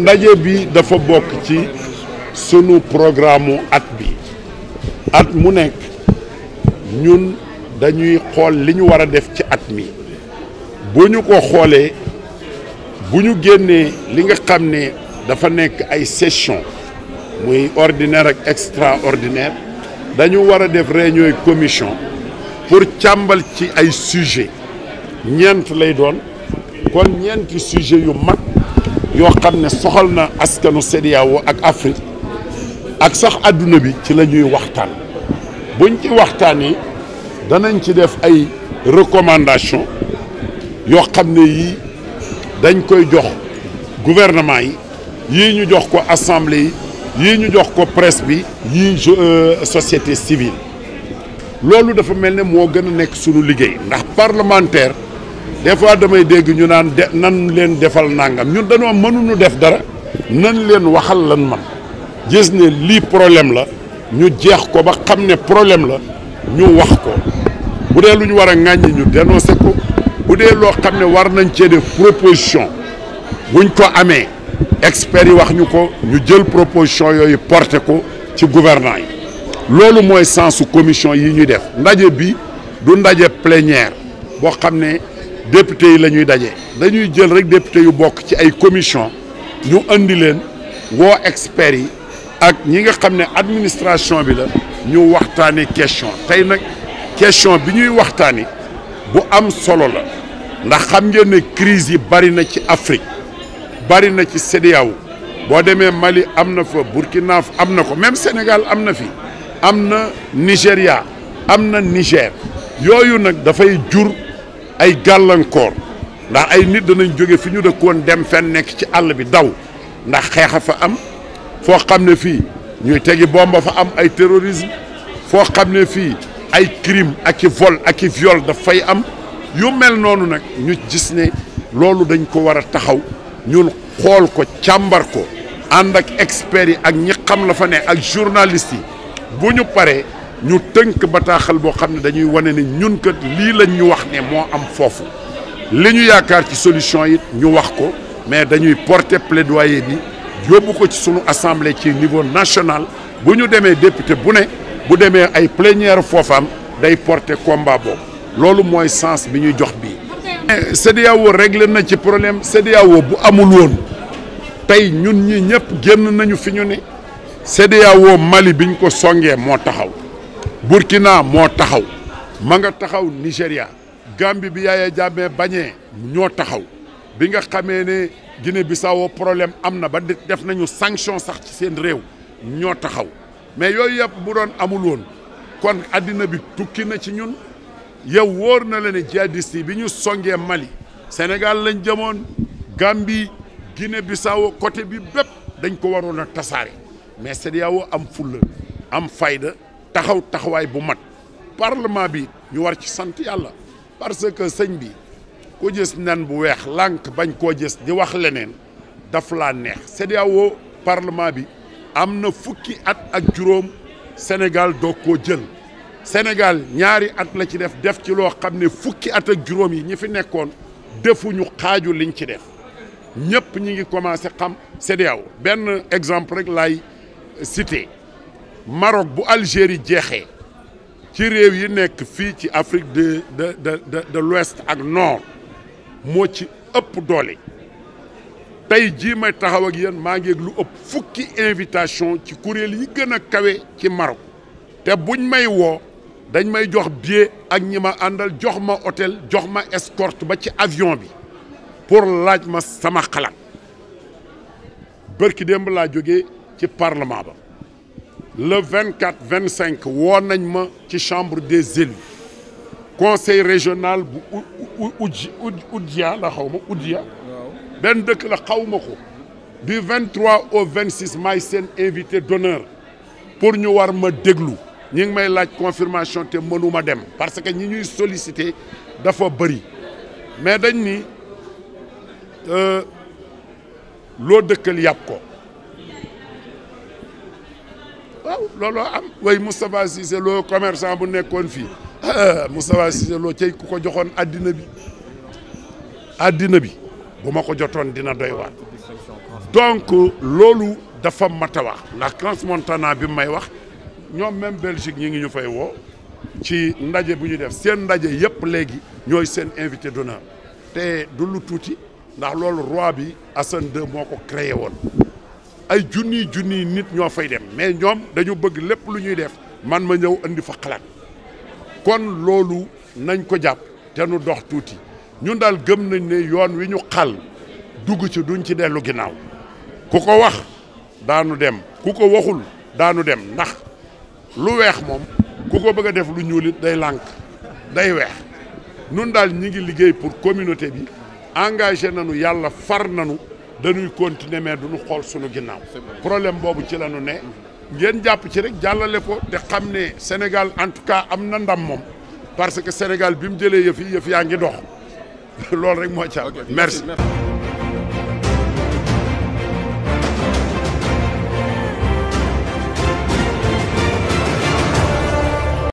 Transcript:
ndaje bi dafa bokk ci sunu programme at bi at mu nekk ñun dañuy xool li ñu war a def ci at mi bu ñu ko xoolee bu ñu génnee li nga xam ne dafa nekk ay session muy ordinaire ak extraordinaire dañu war a def réunion commission pour càmbal ci ay sujet ñeent lay doon kon ñeenti sujet yu mag yoo xam ne soxal na askanu CEDEAO ak Afrique ak sax àdduna bi ci la ñuy waxtaan buñ ci waxtaanee danañ ci def ay recommandation yoo xam ne yii dañ koy jox gouvernement yi yii ñu jox ko assemblée yi yii ñu jox ko presse bi yii euh, société civile loolu dafa mel ne moo gën a nekk sunu liggéey ndax parlementaire des fois damay dégg ñu naan de nan leen defal nangam ñu dañoo mënuñu def dara nan leen waxal lan man gis ne lii problème la ñu jeex ko ba xam ne problème la ñu wax ko bu dee lu ñu war a ŋàññi ñu dénoncé ko bu dee loo xam ne war nañ cee def proposition buñ ko amee experts yi wax ñu ko ñu jël proposition yooyu porté ko ci gouvernants yi loolu mooy sensu commission yi ñuy def ndaje bi du ndaje plénière boo xam ne député yi la ñuy daje dañuy jël rek député yu bokk ci ay commission ñu indi leen woo experts yi ak ñi nga xam ne administration bi la ñu waxtaanee question tey nag question bi ñuy waxtaani bu am solo la ndax xam ngeen ne crise yi bari na ci Afrique bari na ci CEDEAO boo demee Mali am na fa Burkina am na ko même Sénégal am na fi am na Nigéria am na Niger yooyu nag dafay jur. ay gàllankoor ndax ay nit danañ jóge fi ñu dëkkoon dem fenn nekk ci àll bi daw ndax xeexa fa am foo xam ne fii ñuy tegi bomba fa am ay terrorisme foo xam ne fii ay crime ak i vol ak i viol daf fay am yu mel noonu nag ñu gis ne loolu dañ ko war a taxaw ñun xool ko càmbar ko ànd ak experts yi ak ñi xam la fa ne ak journalistes yi bu ñu paree ñu tënk bataaxal boo xam ne dañuy wane ne ñun kat lii lañ ñu wax ne moo am foofu li ñu yaakaar ci solution yi ñu wax ko mais dañuy porter plaidoyer bi yóbbu ko ci sunu assamble ci niveau national bu ñu demee député bu ne bu demee ay plénière foofaam day porter combat boobu loolu mooy sens bi ñuy jox bii. CEDEAO réglé na ci problème CEDEAO bu amul woon tey ñun ñii ñëpp génn nañu fi ñu ne CEDEAO Mali ñu ko songee moo taxaw. Burkina moo taxaw ma nga taxaw Nigéria Gambie bi Yaya Jammeh bañee ñoo taxaw bi nga xamee ne Guinée Bissau problème am na ba def nañu sanction sax ci seen réew ñoo taxaw mais yooyu yëpp bu doon amul woon kon addina bi tukki na ci ñun yow wóor na la ne djihadistes bi ñu songee Mali Sénégal lañ jëmoon Gambie Guinée Bissau côté bi bépp dañ ko warul a tasaare mais CEDEAO am fulla am fayda taxaw taxawaay bu mat parlement bi ñu war ci sant yàlla parce que sëñ bi ku gis nen bu weex lànk bañ koo gis di wax leneen daf laa neex CEDEAO parlement bi am na fukki at ak juróom Sénégal doog koo jël Sénégal ñaari at la ci def def ci loo xam ne fukki at ak juróom yi ñi fi nekkoon defuñu xaaju liñ ci def ñëpp ñi ngi commencé xam CEDEAO benn exemple rek lay cité Maroc bu Algérie jeexee ci réew yi nekk fii ci Afrique de de de de l'ouest ak nord moo ci ëpp doole tey jii may taxaw ak yéen maa ngi yëg lu ëpp fukki invitation ci kuréel yi gën a kawe ci Maroc te buñ may woo dañ may jox billet ak ñi ma àndal jox ma hôtel jox ma escorte ba ci avion bi pour laaj ma sama xalaat bërki démb laa jógee ci parlement ba le 24 25 woo nañ ma ci chambre des élus conseil régional bu uj Oudia la xaw ma Oudia benn dëkk la xaw ma ko du 23 au 26 may seen invité d'honneur pour ñu war ma déglu ñi ngi may laaj confirmation te mënuma dem parce que ñi ñuy sollicité dafa bëri mais dañ ni euh, loo dëkkal yàpp ko waaw looloo am way Moustapha Cissé loo commerçant bu nekkoon fii eh, Moustapha Cissé loo cey ku ko joxoon addina bi addina bi bu ma ko jotoon dina doy waar donc loolu dafa mat a wax ndax transmontana bi may wax ñoom même Belgique ñi ngi ñu fay woo ci ndaje bu ñu def seen ndaje yëpp léegi ñooy seen invité d'honneur te du lu tuuti ndax loolu roi bi Hassan II moo ko créé woon ay junni junniy nit ñoo fay dem mais ñoom dañu bëgg lépp lu ñuy def man ma ñëw indi fa kon loolu nañ ko jàpp te nu dox tuuti ñun daal gëm nañ ne yoon wi ñu xal dugg ci duñ ci dellu ginnaaw ku ko wax daanu dem ku ko waxul daanu dem ndax lu weex moom ku ko bëgg a def lu ñuul day lànk day weex nun daal ñi ngi liggéey pour communauté bi engagé nañu yàlla far nañu dañuy continuer mais duñu xool suñu ginnaaw problème boobu ci la ñu ne ngeen jàpp ci rek jàllale ko te xam ne Sénégal en tout cas am na ndam moom parce que Sénégal bi mu jëlee yëf yi yëf yaa ngi dox loolu rek moo ci am merci